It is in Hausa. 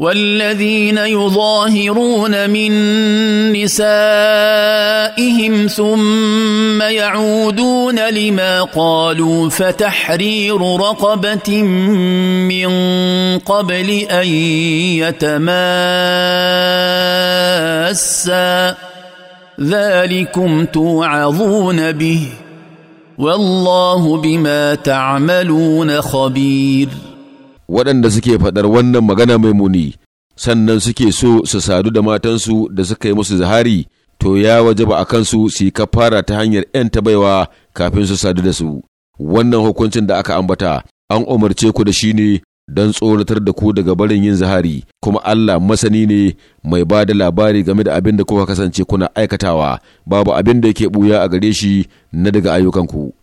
والذين يظاهرون من نسائهم ثم يعودون لما قالوا فتحرير رقبه من قبل ان يتماسا ذلكم توعظون به والله بما تعملون خبير waɗanda suke faɗar wannan magana mai muni sannan suke so su sadu da matansu da suka yi musu zahari to ya wajaba a kansu su yi kafara ta hanyar ‘yan ta baiwa kafin su sadu da su wannan hukuncin da aka ambata an umarce ku da shi ne don tsoratar da ku daga barin yin zahari kuma Allah masani ne mai ba da labari game da abin da kuka kasance kuna aikatawa babu abin da yake buya a gare shi na daga ayyukanku.